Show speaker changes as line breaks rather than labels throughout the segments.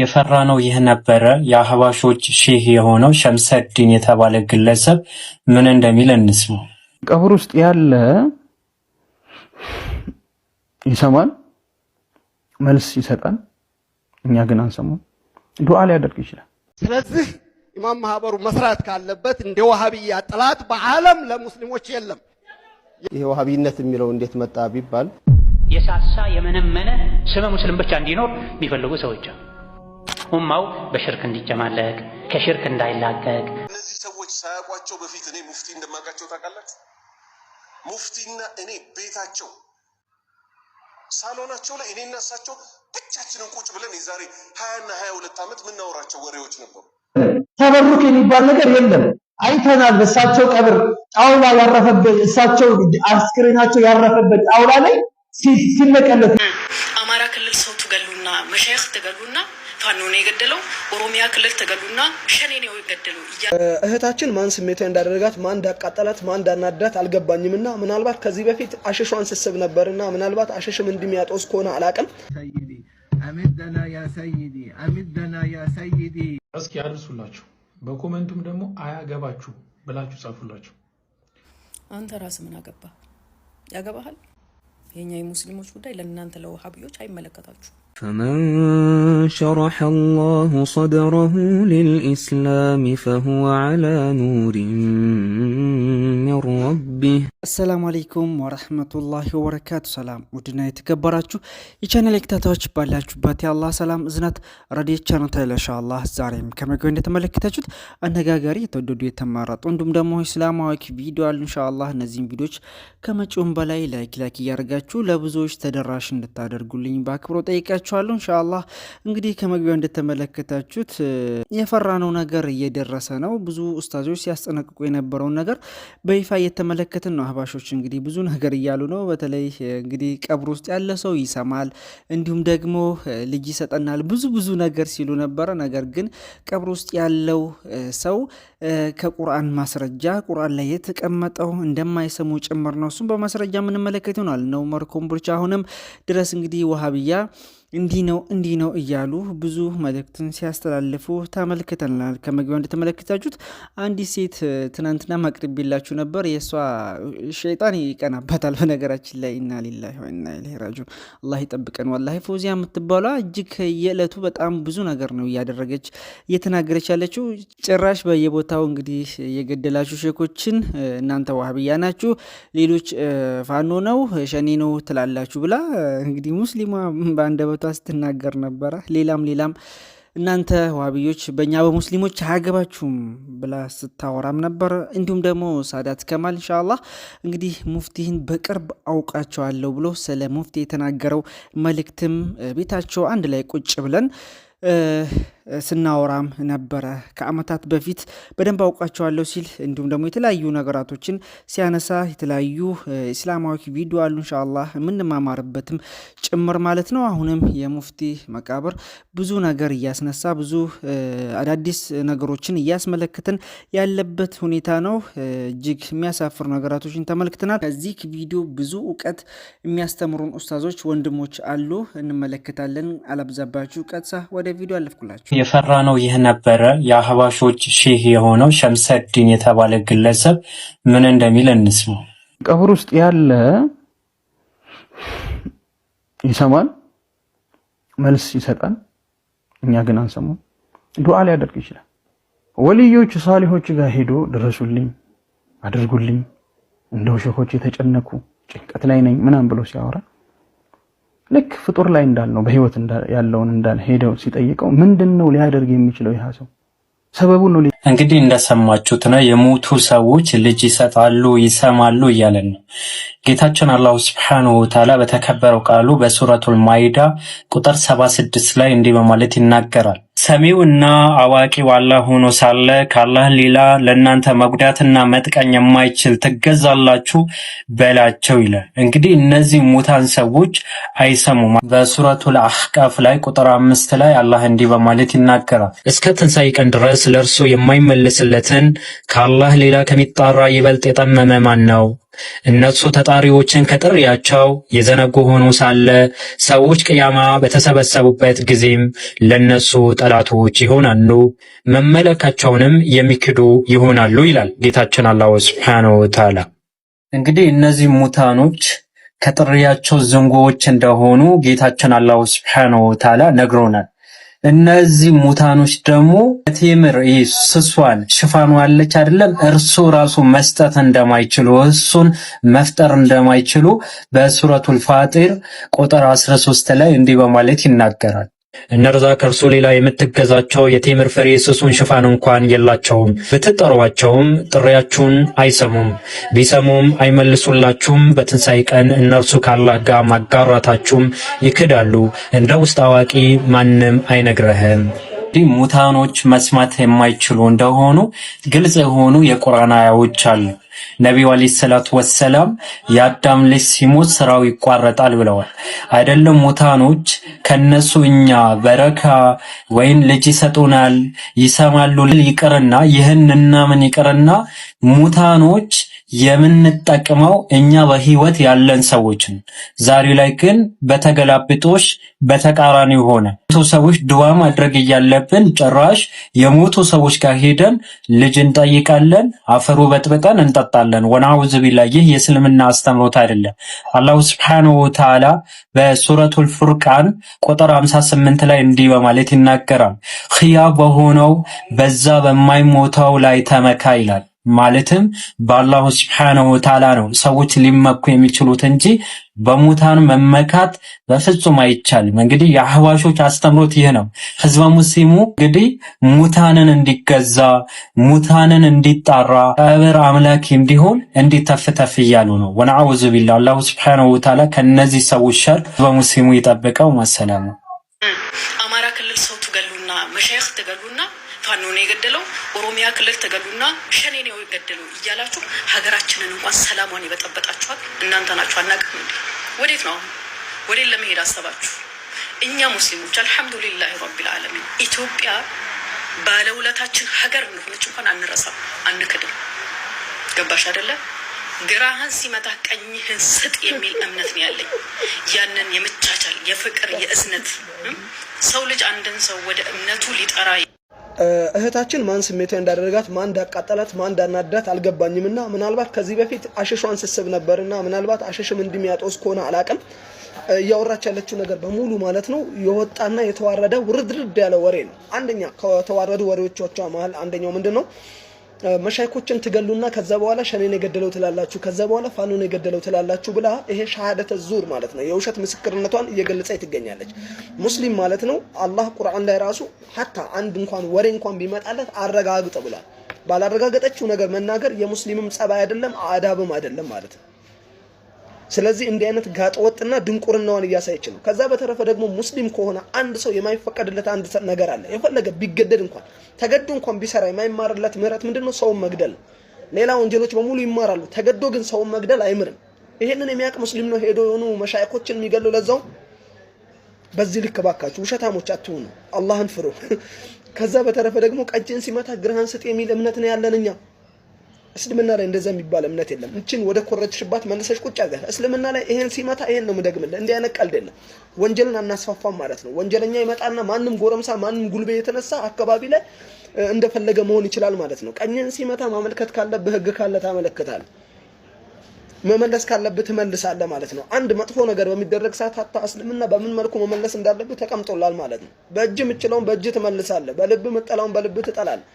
የፈራ ነው ይህ ነበረ የአህባሾች ሼህ የሆነው ሸምሰዲን የተባለ ግለሰብ ምን እንደሚል እንስማ።
ቀብር ውስጥ ያለ ይሰማል፣ መልስ ይሰጣል። እኛ ግን አንሰማም። ዱዓ ሊያደርግ ይችላል።
ስለዚህ ኢማም ማህበሩ መስራት ካለበት እንደ ዋሃብያ ጥላት በዓለም ለሙስሊሞች የለም። ይሄ ዋሃቢነት የሚለው እንዴት መጣ ቢባል
የሳሳ የመነመነ ስመ ሙስሊም ብቻ እንዲኖር የሚፈልጉ ሰዎች ኡማው በሽርክ እንዲጨማለቅ ከሽርክ እንዳይላቀቅ
እነዚህ ሰዎች ሳያውቋቸው በፊት እኔ ሙፍቲ እንደማውቃቸው ታውቃላችሁ። ሙፍቲና እኔ ቤታቸው ሳሎናቸው ላይ እኔና እሳቸው ብቻችንን ቁጭ ብለን የዛሬ ሀያና ሀያ ሁለት ዓመት የምናወራቸው ወሬዎች ነበሩ።
ተበሩክ የሚባል ነገር የለም። አይተናል። በእሳቸው ቀብር ጣውላ ያረፈበት እሳቸው አስክሬናቸው ያረፈበት ጣውላ ላይ ሲመቀለት
አማራ ክልል ሰው ትገሉና መሻይኽ ትገሉና ፋኖ ነው የገደለው፣ ኦሮሚያ ክልል ተገሉና ሸኔ ነው የገደለው።
እህታችን ማን ስሜቷ እንዳደረጋት ማን እንዳቃጠላት ማን እንዳናዳት አልገባኝም። እና ምናልባት ከዚህ በፊት አሸሿን ስስብ ነበር እና ምናልባት አሸሽም እንዲሚያጦስ ከሆነ አላቅም።
አሚደና ያ ሰይዲ አሚደና ያ ሰይዲ።
እስኪ አድርሱላችሁ፣ በኮመንቱም ደግሞ አያገባችሁ ብላችሁ ጻፉላችሁ።
አንተ ራስ ምን አገባ? ያገባሃል? የኛ የሙስሊሞች ጉዳይ ለእናንተ ለውሃብዮች አይመለከታችሁ
فمن شرح الله صدره للإسلام فهو على نور من ربه به
አሰላሙ አለይኩም ወረህመቱላሂ ወበረካቱ። ሰላም ውድና የተከበራችሁ የቻናል የክታታዎች ባላችሁበት የአላ ሰላም እዝነት ረድኤት ቻናል አላ ዛሬም ከመግቢያ እንደተመለከታችሁት አነጋጋሪ የተወደዱ የተመረጡ እንዲሁም ደግሞ ስላማዊክ ቪዲዮ አሉ። እንሻ አላ እነዚህም ቪዲዮች ከመጪውም በላይ ላይክ ላይክ እያደርጋችሁ ለብዙዎች ተደራሽ እንድታደርጉልኝ በአክብሮ ጠይቃችኋለሁ። አላ እንግዲህ ከመግቢያው እንደተመለከታችሁት የፈራነው ነገር እየደረሰ ነው። ብዙ ኡስታዞች ሲያስጠነቅቁ የነበረውን ነገር በይፋ እየተመለከ እየተመለከትን ነው። አህባሾች እንግዲህ ብዙ ነገር እያሉ ነው። በተለይ እንግዲህ ቀብር ውስጥ ያለ ሰው ይሰማል፣ እንዲሁም ደግሞ ልጅ ይሰጠናል፣ ብዙ ብዙ ነገር ሲሉ ነበረ። ነገር ግን ቀብር ውስጥ ያለው ሰው ከቁርአን ማስረጃ ቁርአን ላይ የተቀመጠው እንደማይሰሙ ጭምር ነው። እሱም በማስረጃ የምንመለከት ይሆናል። ነው መርኮም ብርቻ አሁንም ድረስ እንግዲህ ውሃብያ እንዲህ ነው እንዲህ ነው እያሉ ብዙ መልእክትን ሲያስተላልፉ ተመልክተናል። ከመግቢያው እንደተመለከታችሁት አንዲት ሴት ትናንትና ማቅርቤላችሁ ነበር። የእሷ ሸይጣን ይቀናባታል በነገራችን ላይ ኢና ሊላሂ ወኢና ኢለይሂ ራጂዑን። አላህ ይጠብቀን። ወላሂ ፎዚያ የምትባሏ እጅግ የዕለቱ በጣም ብዙ ነገር ነው እያደረገች እየተናገረች ያለችው። ጭራሽ በየቦታው እንግዲህ የገደላችሁ ሼኮችን እናንተ ዋህብያ ናችሁ፣ ሌሎች ፋኖ ነው ሸኔ ነው ትላላችሁ ብላ እንግዲህ ሙስሊሟ በአንደበቷ አግባብታ ስትናገር ነበረ። ሌላም ሌላም እናንተ ዋቢዮች በእኛ በሙስሊሞች አያገባችሁም ብላ ስታወራም ነበር። እንዲሁም ደግሞ ሳዳት ከማል እንሻላ እንግዲህ ሙፍቲህን በቅርብ አውቃቸዋለሁ ብሎ ስለ ሙፍቲ የተናገረው መልእክትም ቤታቸው አንድ ላይ ቁጭ ብለን ስናወራም ነበረ ከአመታት በፊት በደንብ አውቃቸዋለሁ ሲል እንዲሁም ደግሞ የተለያዩ ነገራቶችን ሲያነሳ የተለያዩ እስላማዊ ቪዲዮ አሉ እንሻላ የምንማማርበትም ጭምር ማለት ነው። አሁንም የሙፍቲ መቃብር ብዙ ነገር እያስነሳ ብዙ አዳዲስ ነገሮችን እያስመለክትን ያለበት ሁኔታ ነው። እጅግ የሚያሳፍር ነገራቶችን ተመልክተናል። ከዚህ ቪዲዮ ብዙ እውቀት የሚያስተምሩን ኡስታዞች ወንድሞች አሉ፣ እንመለከታለን። አላብዛባችሁ ቀጥሳ ወደ ቪዲዮ አለፍኩላችሁ።
የፈራ ነው ይህ ነበረ። የአህባሾች ሼህ የሆነው ሸምሰዲን የተባለ ግለሰብ ምን እንደሚል እንስማው።
ቀብር ውስጥ ያለ ይሰማል፣ መልስ ይሰጣል። እኛ ግን አንሰማም። ዱዓ ሊያደርግ ይችላል። ወልዮች ሳሊሆች ጋር ሄዶ ድረሱልኝ፣ አድርጉልኝ፣ እንደው ሼሆች የተጨነኩ ጭንቀት ላይ ነኝ ምናምን ብሎ ሲያወራ ልክ ፍጡር ላይ እንዳልነው በህይወት ያለውን እንዳል ሄደው ሲጠይቀው ምንድን ነው ሊያደርግ የሚችለው ይህ ሰው ሰበቡ ነው።
እንግዲህ እንደሰማችሁት ነው የሞቱ ሰዎች ልጅ ይሰጣሉ፣ ይሰማሉ እያለን ነው። ጌታችን አላሁ ስብሓን ወተዓላ በተከበረው ቃሉ በሱረቱል ማይዳ ቁጥር 76 ላይ እንዲህ በማለት ይናገራል። ሰሚውና አዋቂው አላህ ሆኖ ሳለ ካላህ ሌላ ለእናንተ መጉዳትና መጥቀኝ የማይችል ትገዛላችሁ በላቸው ይላል። እንግዲህ እነዚህ ሙታን ሰዎች አይሰሙም። በሱረቱል አሕቃፍ ላይ ቁጥር አምስት ላይ አላህ እንዲህ በማለት ይናገራል። እስከ ትንሣኤ ቀን ድረስ ለእርሱ የማይመለስለትን ካላህ ሌላ ከሚጣራ ይበልጥ የጠመመ ማን ነው? እነሱ ተጣሪዎችን ከጥሪያቸው የዘነጉ ሆኖ ሳለ ሰዎች ቅያማ በተሰበሰቡበት ጊዜም ለነሱ ጠላቶች ይሆናሉ፣ መመለካቸውንም የሚክዱ ይሆናሉ ይላል ጌታችን አላሁ ሱብሓነሁ ወተዓላ። እንግዲህ እነዚህ ሙታኖች ከጥሪያቸው ዝንጎዎች እንደሆኑ ጌታችን አላሁ ሱብሓነሁ ወተዓላ ነግሮናል። እነዚህ ሙታኖች ደግሞ ቴምር ስሷን ሽፋኑ አለች አይደለም፣ እርሱ ራሱ መስጠት እንደማይችሉ እሱን መፍጠር እንደማይችሉ በሱረቱል ፋጢር ቁጥር 13 ላይ እንዲህ በማለት ይናገራል። እነርዛ ከእርሱ ሌላ የምትገዛቸው የቴምር ፍሬ ስሱን ሽፋን እንኳን የላቸውም። ብትጠሯቸውም ጥሪያችሁን አይሰሙም፣ ቢሰሙም አይመልሱላችሁም። በትንሣኤ ቀን እነርሱ ካላህ ጋር ማጋራታችሁም ይክዳሉ። እንደ ውስጥ አዋቂ ማንም አይነግረህም። ሙታኖች መስማት የማይችሉ እንደሆኑ ግልጽ የሆኑ የቁርአን አያዎች አሉ። ነቢዩ ዓለይሂ ሰላቱ ወሰላም የአዳም ልጅ ሲሞት ስራው ይቋረጣል ብለዋል። አይደለም ሙታኖች ከነሱ እኛ በረካ ወይን ልጅ ይሰጡናል፣ ይሰማሉ፣ ይቅርና ይህን እናምን ይቅርና ሙታኖች የምንጠቅመው እኛ በህይወት ያለን ሰዎችን። ዛሬ ላይ ግን በተገላብጦሽ በተቃራኒ ሆነ። ሞቶ ሰዎች ድዋ ማድረግ እያለብን ጭራሽ የሞቱ ሰዎች ጋር ሄደን ልጅ እንጠይቃለን፣ አፈሩ በጥብጠን እንጠጣለን። ወናውዝ ቢላ ይህ የእስልምና አስተምሮት አይደለም። አላሁ ስብሓነሁ ወተዓላ በሱረቱል ፉርቃን ቁጥር 58 ላይ እንዲህ በማለት ይናገራል። ህያ በሆነው በዛ በማይሞተው ላይ ተመካ ይላል። ማለትም በአላሁ ስብሓነሁ ወተዓላ ነው ሰዎች ሊመኩ የሚችሉት እንጂ በሙታን መመካት በፍጹም አይቻልም። እንግዲህ የአህዋሾች አስተምሮት ይህ ነው። ህዝበ ሙስሊሙ እንግዲህ ሙታንን እንዲገዛ ሙታንን እንዲጣራ ቀብር አምላክ እንዲሆን እንዲተፍተፍ እያሉ ነው። ወነአውዙ ቢላ አላሁ ስብሓነሁ ወተዓላ ከነዚህ ሰዎች ሸር ህዝበ ሙስሊሙ ይጠብቀው። ማሰላሙ
አማራ ክልል ሰው ትገሉና መሻይኽ ትገሉና ፋኖ ነው የገደለው ኦሮሚያ ክልል ተገሉና ሸኔ ነው የገደለው እያላችሁ ሀገራችንን እንኳን ሰላሟን የበጠበጣችኋል እናንተ ናችሁ። አናውቅም እንዴ? ወዴት ነው አሁን? ወዴት ለመሄድ አሰባችሁ? እኛ ሙስሊሞች አልሐምዱሊላህ ረቢል ዓለሚን ኢትዮጵያ ባለውለታችን ሀገር እንደሆነች እንኳን አንረሳም፣ አንክድም። ገባሽ አይደለም? ግራህን ሲመታ ቀኝህን ስጥ የሚል እምነት ነው ያለኝ። ያንን የመቻቻል የፍቅር፣ የእዝነት ሰው ልጅ አንድን ሰው ወደ እምነቱ ሊጠራ
እህታችን ማን ስሜታዊ እንዳደረጋት ማን እንዳቃጠላት ማን እንዳናዳት አልገባኝም። እና ምናልባት ከዚህ በፊት አሸሿን ስስብ ነበር እና ምናልባት አሸሽም እንደሚያጦስ ከሆነ አላቅም። እያወራች ያለችው ነገር በሙሉ ማለት ነው የወጣና የተዋረደ ውርድርድ ያለ ወሬ ነው። አንደኛ ከተዋረዱ ወሬዎቿ መሀል አንደኛው ምንድን ነው መሻይኮችን ትገሉና ከዛ በኋላ ሸኔን የገደለው ትላላችሁ፣ ከዛ በኋላ ፋኖን የገደለው ትላላችሁ ብላ ይሄ ሻሃደተ ዙር ማለት ነው። የውሸት ምስክርነቷን እየገለጸ ትገኛለች። ሙስሊም ማለት ነው። አላህ ቁርአን ላይ ራሱ ሀታ አንድ እንኳን ወሬ እንኳን ቢመጣለት አረጋግጠ ብሏል። ባላረጋገጠችው ነገር መናገር የሙስሊምም ጸባይ አይደለም፣ አዳብም አይደለም ማለት ነው። ስለዚህ እንዲህ አይነት ጋጠወጥና ድንቁርናዋን እያሳየች ነው። ከዛ በተረፈ ደግሞ ሙስሊም ከሆነ አንድ ሰው የማይፈቀድለት አንድ ነገር አለ። የፈለገ ቢገደድ እንኳን ተገዶ እንኳን ቢሰራ የማይማርለት ምህረት ምንድን ነው? ሰውን መግደል። ሌላ ወንጀሎች በሙሉ ይማራሉ። ተገዶ ግን ሰውን መግደል አይምርም። ይሄንን የሚያውቅ ሙስሊም ነው ሄዶ የሆኑ መሻይኮችን የሚገሉ ለዛው። በዚህ ልክ ባካችሁ ውሸታሞች አትሁኑ። አላህን ፍሩ። ከዛ በተረፈ ደግሞ ቀጭን ሲመታ ግርሃን ስጥ የሚል እምነት ነው ያለን እኛ። እስልምና ላይ እንደዛ የሚባል እምነት የለም። እችን ወደ ኮረችሽባት መለሰች ቁጭ አድርጋት። እስልምና ላይ ይሄን ሲመታ ይሄን ነው ምደግምልህ። እንዲህ አይነት ቀልድ የለም። ወንጀልን አናስፋፋም ማለት ነው። ወንጀለኛ ይመጣና ማንም ጎረምሳ፣ ማንም ጉልቤ የተነሳ አካባቢ ላይ እንደፈለገ መሆን ይችላል ማለት ነው። ቀኝን ሲመታ ማመልከት ካለብህ ህግ ካለ ታመለክታለህ፣ መመለስ ካለብህ ትመልሳለህ ማለት ነው። አንድ መጥፎ ነገር በሚደረግ ሰዓት ሀታ እስልምና በምን መልኩ መመለስ እንዳለብህ ተቀምጦላል ማለት ነው። በእጅ የምችለውን በእጅ ትመልሳለህ፣ በልብ የምጠላውን በልብ ትጠላለህ።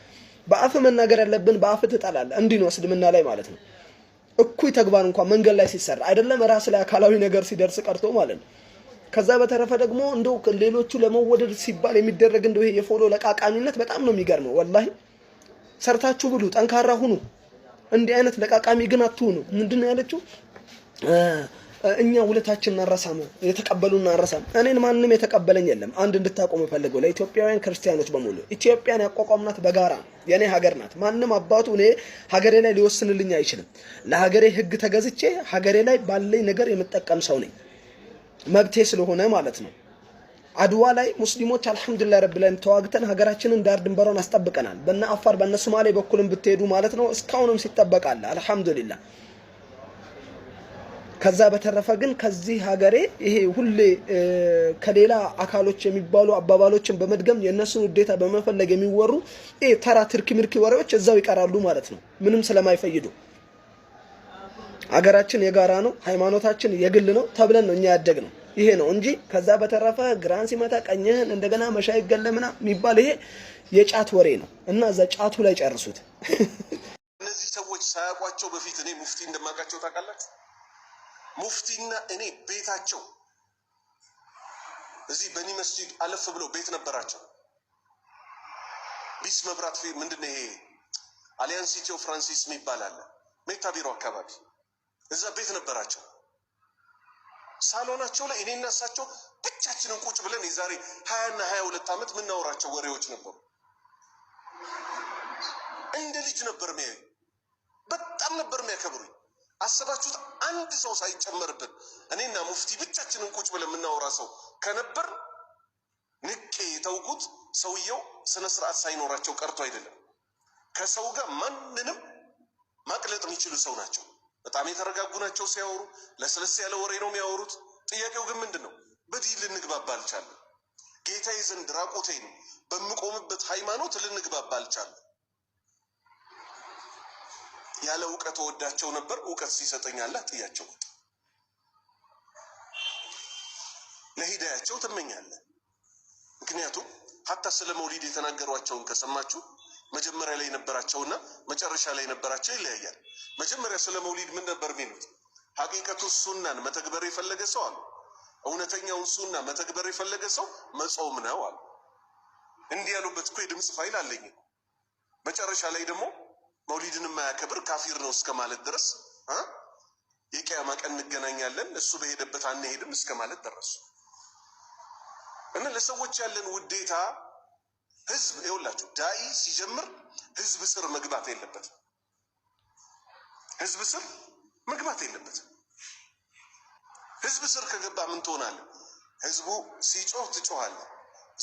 በአፍ መናገር ያለብን በአፍ ትጠላለህ። እንዲህ ነው እስልምና ላይ ማለት ነው። እኩይ ተግባር እንኳን መንገድ ላይ ሲሰራ አይደለም ራስ ላይ አካላዊ ነገር ሲደርስ ቀርቶ ማለት ነው። ከዛ በተረፈ ደግሞ እንደው ሌሎቹ ለመወደድ ሲባል የሚደረግ እንደው ይሄ የፎሎ ለቃቃሚነት በጣም ነው የሚገርመው። ወላሂ ሰርታችሁ ብሉ፣ ጠንካራ ሁኑ። እንዲህ አይነት ለቃቃሚ ግን አትሁኑ። ምንድን ነው ያለችው? እኛ ውለታችን አንረሳም፣ የተቀበሉን አንረሳም። እኔን ማንም የተቀበለኝ የለም። አንድ እንድታቆሙ ፈልገው ለኢትዮጵያውያን ክርስቲያኖች በሙሉ ኢትዮጵያን ያቋቋምናት በጋራ የኔ ሀገር ናት። ማንም አባቱ እኔ ሀገሬ ላይ ሊወስንልኝ አይችልም። ለሀገሬ ሕግ ተገዝቼ ሀገሬ ላይ ባለኝ ነገር የምጠቀም ሰው ነኝ፣ መብቴ ስለሆነ ማለት ነው። አድዋ ላይ ሙስሊሞች አልሐምዱሊላህ ረብ ተዋግተን ሀገራችንን ዳር ድንበሯን አስጠብቀናል። በነ አፋር በነ ሶማሌ በኩልም ብትሄዱ ማለት ነው እስካሁንም ሲጠበቃለ አልሐምዱሊላህ ከዛ በተረፈ ግን ከዚህ ሀገሬ ይሄ ሁሌ ከሌላ አካሎች የሚባሉ አባባሎችን በመድገም የእነሱን ውዴታ በመፈለግ የሚወሩ ተራ ትርኪ ምርኪ ወሬዎች እዛው ይቀራሉ ማለት ነው፣ ምንም ስለማይፈይዱ። አገራችን የጋራ ነው፣ ሃይማኖታችን የግል ነው ተብለን ነው እኛ ያደግ ነው። ይሄ ነው እንጂ ከዛ በተረፈ ግራን ሲመታ ቀኝህን እንደገና መሻ ይገለምና የሚባል ይሄ የጫት ወሬ ነው እና እዛ ጫቱ ላይ ጨርሱት።
እነዚህ ሰዎች ሳያውቋቸው በፊት እኔ ሙፍቲ እንደማውቃቸው ታውቃላችሁ። ሙፍቲና እኔ ቤታቸው እዚህ በኒ መስጂድ አለፍ ብለው ቤት ነበራቸው። ቢስ መብራት ፊት ምንድን ነው ይሄ አሊያንስ ኢትዮ ፍራንሲስ የሚባል አለ ሜታ ቢሮ አካባቢ እዛ ቤት ነበራቸው። ሳሎናቸው ላይ እኔና እሳቸው ብቻችንን ቁጭ ብለን የዛሬ ሀያና ሀያ ሁለት ዓመት የምናወራቸው ወሬዎች ነበሩ። እንደ ልጅ ነበር ሚያዩ። በጣም ነበር የሚያከብሩኝ። አስባችሁት አንድ ሰው ሳይጨመርብን እኔና ሙፍቲ ብቻችንን ቁጭ ብለን የምናወራ ሰው ከነበር ንቄ የተውኩት ሰውየው ስነ ስርዓት ሳይኖራቸው ቀርቶ አይደለም። ከሰው ጋር ማንንም ማቅለጥ የሚችሉ ሰው ናቸው። በጣም የተረጋጉ ናቸው። ሲያወሩ ለስለስ ያለ ወሬ ነው የሚያወሩት። ጥያቄው ግን ምንድን ነው? በዲን ልንግባባ አልቻለም። ጌታዬ ዘንድ ራቆቴ ነው በምቆምበት ሃይማኖት ልንግባባ አልቻለም። ያለ እውቀት ወዳቸው ነበር። እውቀት ሲሰጠኝ አላህ ጥያቸው ወጣ። ለሂዳያቸው ትመኛለህ። ምክንያቱም ሀታ ስለ መውሊድ የተናገሯቸውን ከሰማችሁ መጀመሪያ ላይ ነበራቸውና መጨረሻ ላይ ነበራቸው ይለያያል። መጀመሪያ ስለ መውሊድ ምን ነበር የሚሉት? ሀቂቀቱ ሱናን መተግበር የፈለገ ሰው አሉ። እውነተኛውን ሱና መተግበር የፈለገ ሰው መጾም ነው አሉ። እንዲህ ያሉበት እኮ የድምፅ ፋይል አለኝ። መጨረሻ ላይ ደግሞ መውሊድን የማያከብር ካፊር ነው እስከ ማለት ድረስ የቅያማ ቀን እንገናኛለን እሱ በሄደበት አንሄድም እስከ ማለት ደረሱ እና ለሰዎች ያለን ውዴታ ህዝብ ይውላችሁ፣ ዳኢ ሲጀምር ህዝብ ስር መግባት የለበትም። ህዝብ ስር መግባት የለበትም። ህዝብ ስር ከገባ ምን ትሆናለህ? ህዝቡ ሲጮህ ትጮሃለህ፣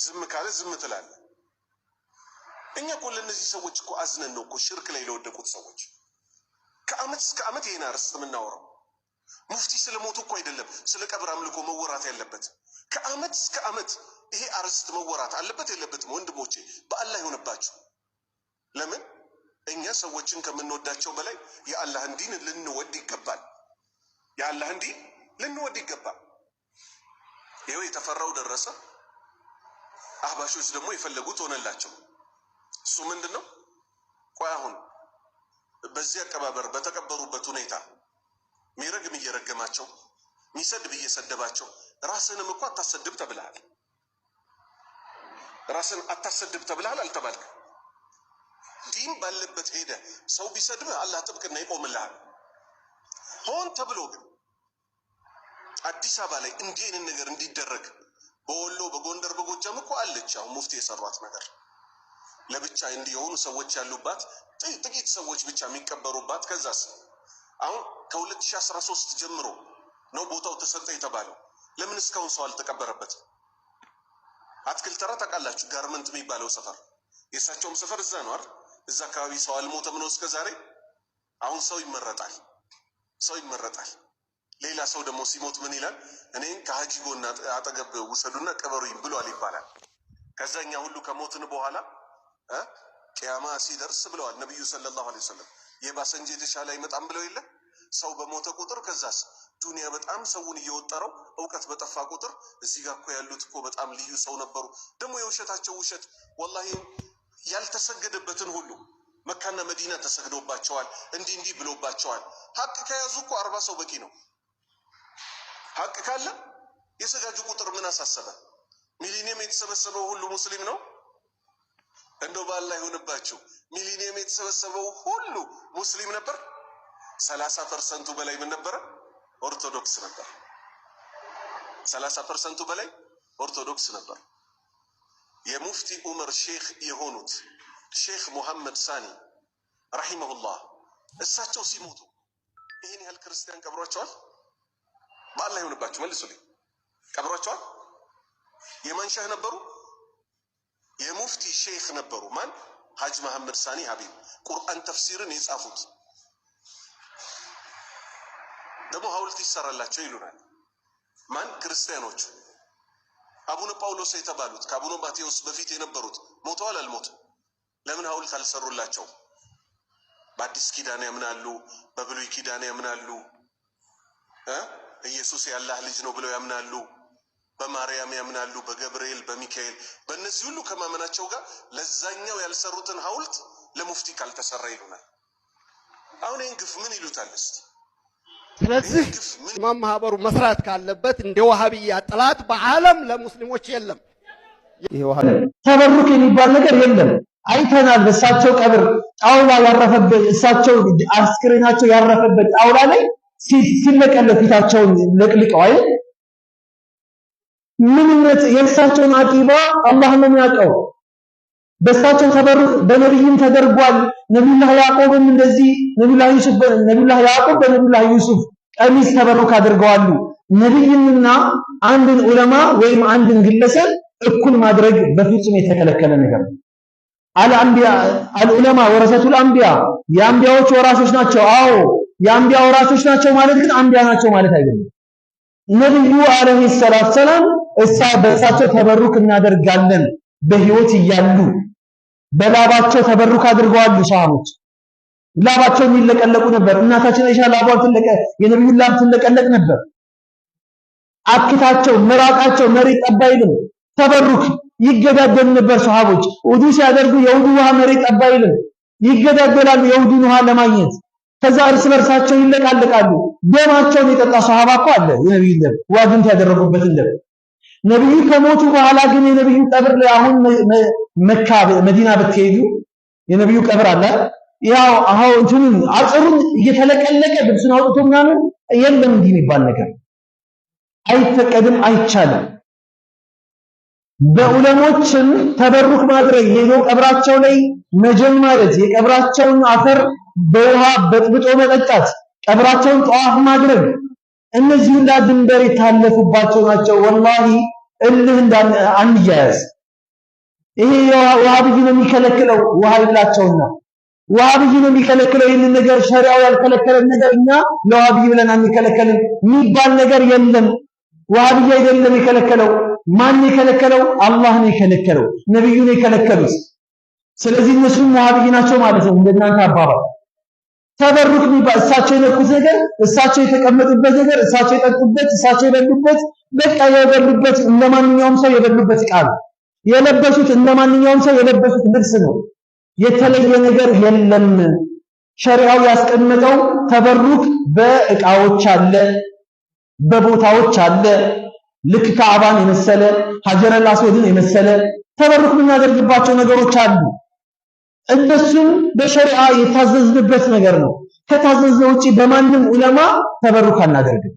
ዝም ካለ ዝም ትላለህ። እኛ እኮ ለእነዚህ ሰዎች እኮ አዝነን ነው እኮ ሽርክ ላይ ለወደቁት ሰዎች ከአመት እስከ አመት ይሄን አርዕስት የምናወራው ሙፍቲ ሞቱ እኮ አይደለም፣ ስለ ቀብር አምልኮ መወራት ያለበት ከአመት እስከ አመት ይሄ አርስት መወራት አለበት የለበትም? ወንድሞቼ በአላህ ይሆንባችሁ። ለምን እኛ ሰዎችን ከምንወዳቸው በላይ የአላህን ዲን ልንወድ ይገባል። የአላህን ዲን ልንወድ ይገባል። ይኸው የተፈራው ደረሰ፣ አህባሾች ደግሞ የፈለጉት ሆነላቸው። እሱ ምንድን ነው? ቆይ አሁን በዚህ አቀባበር በተቀበሩበት ሁኔታ ሚረግም እየረገማቸው ሚሰድብ እየሰደባቸው ራስንም እኮ አታሰድብ ተብልሃል። ራስን አታሰድብ ተብልሃል አልተባልክ። ዲን ባለበት ሄደ ሰው ቢሰድብህ አላህ ጥብቅና ይቆምልሃል። ሆን ተብሎ ግን አዲስ አበባ ላይ እንዲህ አይነት ነገር እንዲደረግ በወሎ በጎንደር በጎጃም እኮ አለች። አሁን ሙፍቲ የሰሯት ነገር ለብቻ እንዲሆኑ ሰዎች ያሉባት ጥቂት ሰዎች ብቻ የሚቀበሩባት ከዛስ አሁን ከ2013 ጀምሮ ነው ቦታው ተሰጠ የተባለው። ለምን እስካሁን ሰው አልተቀበረበት? አትክልት ተራ ታውቃላችሁ፣ ጋርመንት የሚባለው ሰፈር የእሳቸውም ሰፈር እዛ ነው አይደል? እዛ አካባቢ ሰው አልሞተም ነው እስከ ዛሬ። አሁን ሰው ይመረጣል፣ ሰው ይመረጣል። ሌላ ሰው ደግሞ ሲሞት ምን ይላል? እኔን ከሀጂ ጎና አጠገብ ውሰዱና ቅበሩኝ ብሏል ይባላል። ከዛኛ ሁሉ ከሞትን በኋላ ቅያማ ሲደርስ ብለዋል ነቢዩ ሰለላሁ ዐለይሂ ወሰለም። ይህ ባሰንጂ የተሻለ አይመጣም ብለው የለ ሰው በሞተ ቁጥር ከዛስ ዱንያ በጣም ሰውን እየወጠረው እውቀት በጠፋ ቁጥር እዚህ ጋር እኮ ያሉት እኮ በጣም ልዩ ሰው ነበሩ። ደግሞ የውሸታቸው ውሸት ወላሂ ያልተሰገደበትን ሁሉ መካና መዲና ተሰግዶባቸዋል፣ እንዲህ እንዲህ ብሎባቸዋል። ሀቅ ከያዙ እኮ አርባ ሰው በቂ ነው። ሀቅ ካለ የሰጋጁ ቁጥር ምን አሳሰበ? ሚሊኒየም የተሰበሰበው ሁሉ ሙስሊም ነው። እንደው ባላ ይሆንባችሁ ሚሊኒየም የተሰበሰበው ሁሉ ሙስሊም ነበር። ሰላሳ ፐርሰንቱ በላይ ምን ነበረ? ኦርቶዶክስ ነበር። ሰላሳ ፐርሰንቱ በላይ ኦርቶዶክስ ነበር። የሙፍቲ ዑመር ሼክ የሆኑት ሼክ ሙሐመድ ሳኒ ረሂመሁላህ እሳቸው ሲሞቱ ይህን ያህል ክርስቲያን ቀብሯቸዋል። በአላህ ይሆንባችሁ መልሱልኝ። ቀብሯቸዋል። የማን ሸህ ነበሩ? ሙፍቲ ሼክ ነበሩ። ማን ሀጅ መሐመድ ሳኒ ሀቢብ ቁርአን ተፍሲርን የጻፉት ደግሞ ሀውልት ይሰራላቸው ይሉናል። ማን ክርስቲያኖቹ አቡነ ጳውሎስ የተባሉት ከአቡነ ማቴዎስ በፊት የነበሩት ሞተዋል። አልሞቱ ለምን ሀውልት አልሰሩላቸው? በአዲስ ኪዳን ያምናሉ፣ በብሉይ ኪዳን ያምናሉ፣ ኢየሱስ የአላህ ልጅ ነው ብለው ያምናሉ። በማርያም ያምናሉ፣ በገብርኤል በሚካኤል በእነዚህ ሁሉ ከማመናቸው ጋር ለዛኛው ያልሰሩትን ሐውልት ለሙፍቲ ካልተሰራ ይሉናል። አሁን ይህን ግፍ ምን ይሉታል እስቲ?
ስለዚህ ኢማም ማህበሩ መስራት ካለበት እንደ ዋሃብያ ጥላት በዓለም ለሙስሊሞች የለም። ተበሩክ የሚባል ነገር የለም። አይተናል። በእሳቸው ቀብር ጣውላ ያረፈበት እሳቸው አስክሬናቸው ያረፈበት ጣውላ ላይ ሲለቀለ ፊታቸውን ለቅልቀው አይደል ምንነት የእሳቸውን አቂባ አላህ ነው የሚያውቀው። በእሳቸው ተበሩክ በነብይም ተደርጓል። ነብዩላህ ያዕቆብም እንደዚህ ነብዩላህ ዩሱፍ ነብዩላህ ያዕቆብ በነብዩላህ ዩሱፍ ቀሚስ ተበሩክ አድርገዋሉ። ነብይንና አንድን ዑለማ ወይም አንድን ግለሰብ እኩል ማድረግ በፍጹም የተከለከለ ነገር ነው። አልአንቢያ አልዑለማ ወረሰቱል አንቢያ የአንቢያዎች ወራሾች ናቸው። አዎ የአንቢያ ወራሾች ናቸው ማለት ግን አንቢያ ናቸው ማለት አይደለም። ነቢዩ አለይሂ ሰላቱ ሰላም እሳ በእሳቸው ተበሩክ እናደርጋለን በህይወት እያሉ በላባቸው ተበሩክ አድርገዋሉ። ሰሃቦች ላባቸው የሚለቀለቁ ነበር። እናታችን አይሻ ላቧን ትለቀ የነቢዩን ላብ ትለቀለቅ ነበር። አክታቸው፣ ምራቃቸው መሬት ጠባይልም ተበሩክ ይገዳደሉ ነበር ሰሃቦች። ውዱ ሲያደርጉ የውዱ ውሃ መሬት ጠባይልም አይልም። ይገዳደላሉ የውዱን ውሃ ለማግኘት ከዛ እርስ በርሳቸው ይለቃለቃሉ። ደማቸውን የጠጣ ሰሃባ እኮ አለ። የነብዩ ደም ዋግንት ያደረጉበትን ደም ነብዩ ከሞቱ በኋላ ግን የነብዩ ቀብር ላይ አሁን መካ መዲና ብትሄዱ የነብዩ ቀብር አለ። ያው አሁን እንትኑ አጽሩን እየተለቀለቀ ልብሱን አውጥቶ ምናምን የለም እንዲህ የሚባል ነገር አይፈቀድም፣ አይቻልም። በዑለሞችም ተበሩክ ማድረግ ሄዶ ቀብራቸው ላይ መጀም ማለት የቀብራቸውን አፈር በውሃ በጥብጦ መጠጣት፣ ቀብራቸውን ጠዋፍ ማድረግ እነዚህ ሁላ ድንበር የታለፉባቸው ናቸው። ወላሂ እልህ አንያያዝ። ይሄ ወሃብይ ነው የሚከለክለው፣ ውሃ ይላቸውና ወሃብይ ነው የሚከለክለው ይህንን ነገር ሸሪዓው ያልከለከለን ነገር እኛ ለወሃብይ ብለን አንከለከልም የሚባል ነገር የለም። ወሃብይ አይደለም የከለከለው ማን የከለከለው? አላህ ነው የከለከለው፣ ነብዩ ነው የከለከሉት። ስለዚህ እነሱም ወሃቢይ ናቸው ማለት ነው። እንደናንተ አባባል ተበሩክ የሚባል እሳቸው የነኩት ነገር፣ እሳቸው የተቀመጡበት ነገር፣ እሳቸው የጠጡበት፣ እሳቸው የበሉበት፣ በቃ የበሉበት እንደማንኛውም ሰው የበሉበት ዕቃ ነው። የለበሱት እንደማንኛውም ሰው የለበሱት ልብስ ነው። የተለየ ነገር የለም። ሸሪዓው ያስቀመጠው ተበሩክ በእቃዎች አለ፣ በቦታዎች አለ ልክ ካዕባን የመሰለ ሀጀረል አስወድን የመሰለ ተበሩክ የምናደርግባቸው ነገሮች አሉ። እነሱም በሸሪዓ የታዘዝንበት ነገር ነው። ከታዘዝነው ውጪ በማንም ዑለማ ተበሩክ አናደርግም።